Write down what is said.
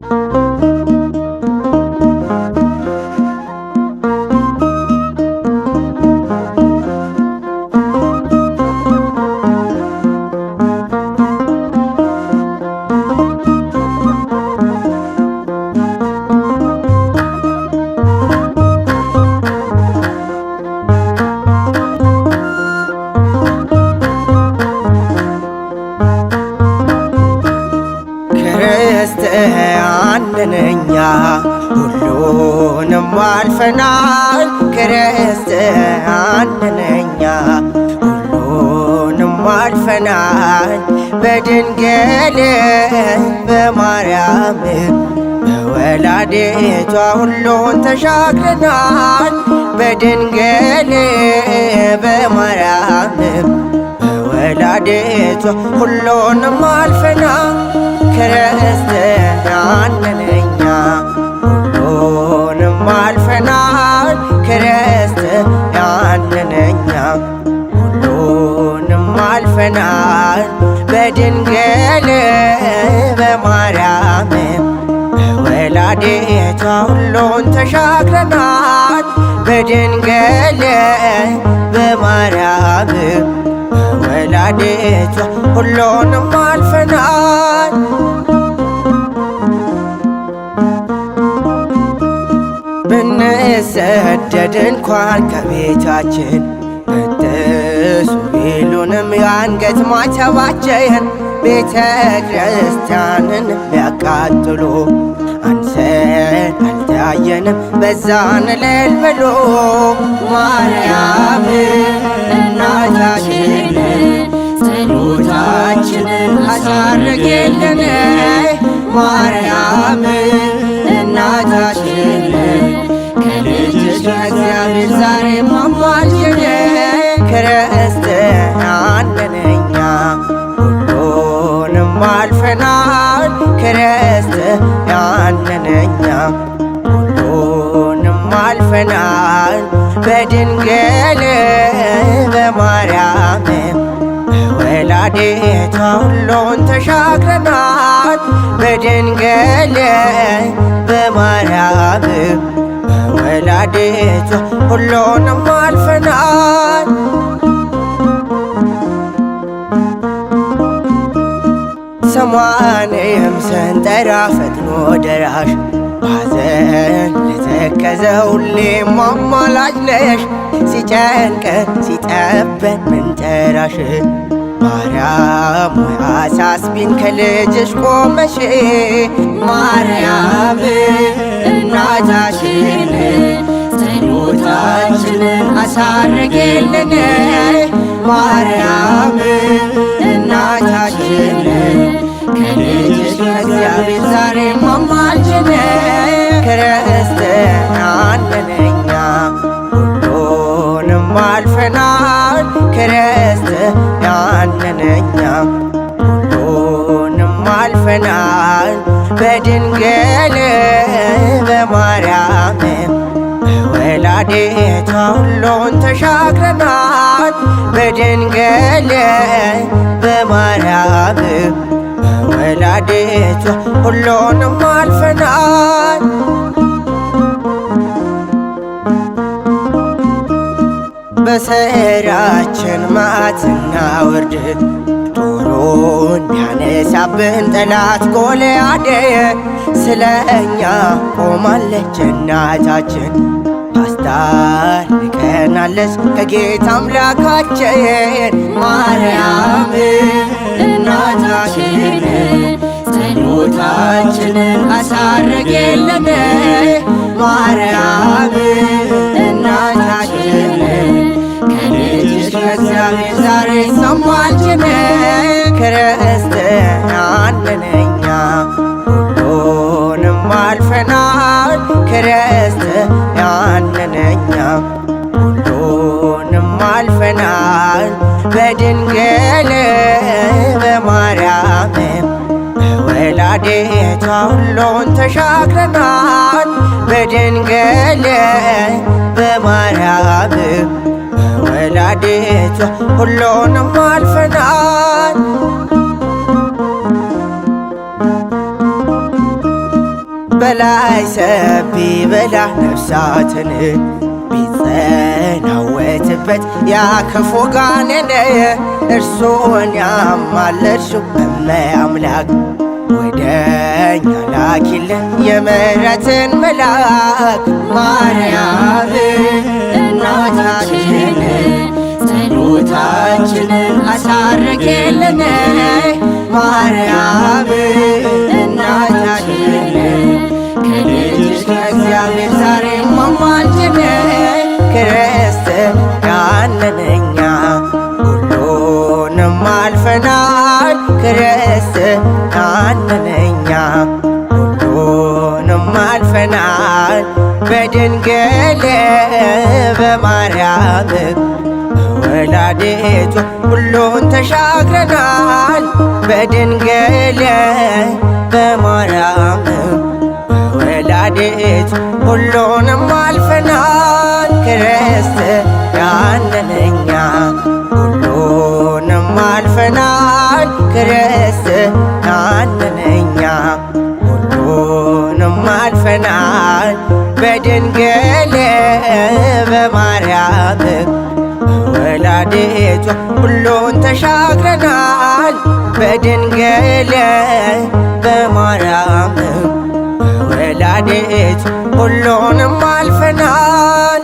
Thank you. ነኛ ሁሉንም አልፈናል ክርስቲያን ነን ሁሉንም አልፈናል በድንግል በማርያም በወላዲቷ ሁሉን ተሻግረናል በድንግል በማርያም በወላዲቷ ሁሉንም አልፈናል ክርስቲያን በድንግል በማርያም ወላዲቷ ሁሉንም አልፈናል። ብንሰደድ እንኳን ከቤታችን በጥሱ ቢሉንም የአንገት ማተባችንን ቤተ ክርስቲያንን ቢያቃጥሉ አላየንም በዛን እልል ብሎ ማርያም እናታችንን ጸሎታችንን አሳርግልን ማርያም እናታችንን ከልጅሽ ከእግዚአብሔር ዛሬ ማማችን ክርስትናንንኛ ሁሉንም አልፈናል ክርስትናንን ምዕመናን በድንግል በማርያም ወላዲታ ሁሉን ተሻግረናል በድንግል በማርያም ወላዲቷ ሁሉንም አልፈናል። ሰማንያም ስንጠራ ፈጥኖ ደራሽ ባዘን ለተከዘው ሁሌ አማላጅ ነሽ ሲጨንቀን ሲጠበን ምንጠራሽ ማርያም ሆይ አሳስቢን ከልጅሽ ቆመሽ ማርያም እናታችን ጸሎታችንን አሳርግልን ማርያም እኛ ሁሉንም አልፈናል በድንግል በማርያም ወላዲቷ ሁሉን ተሻግረናል በድንግል በማርያም ወላዲቷ ሁሉንም አልፈናል በሰራችን መዓትና ውርድ ዶሮ ያነሳብን ጠላት ጎልያድ ስለ እኛ ቆማለች እናታችን ታስታርቀናለች ከጌታ አምላካችን ማርያም እናታችን ጸሎታችንን አሳረግ ማርያም እግዚአብሔር ዛሬ ሰማችን ክርስትናን ሁሉንም አልፈናል ክርስትናን ምንኛ ሁሉንም አልፈናል በድንግል በማርያም ወላዴታ ሁሉን ተሻግረናል በድንግል በማርያም ወላዲቷ ሁሉንም አልፈናል። በላይ ሰፊ በላ ነፍሳትን ቢጸናወትበት ያ ክፉ ጋኔን እርሱን ያማለድሽው እመ አምላክ ወደኛ ላኪልን የምሕረትን መልአክ ማርያም እግዚአብሔር ዛሬ ማማችን ክርስቲያንነኛ ሁሉንም አልፈናል ክርስቲያንነኛ ሁሉንም አልፈናል በድንግል በማርያም ወላዴቱ ሁሉን ተሻግረናል በድንግል ሁሉንም አልፈናል ክርስቲያንን እኛ ሁሉንም አልፈናል ክርስቲያንን እኛ ሁሉንም አልፈናል በድንግል በማርያም ወላዲቷ ሁሉን ተሻግረናል በድንግል በማርያም ወዳዴች ሁሉንም አልፈናል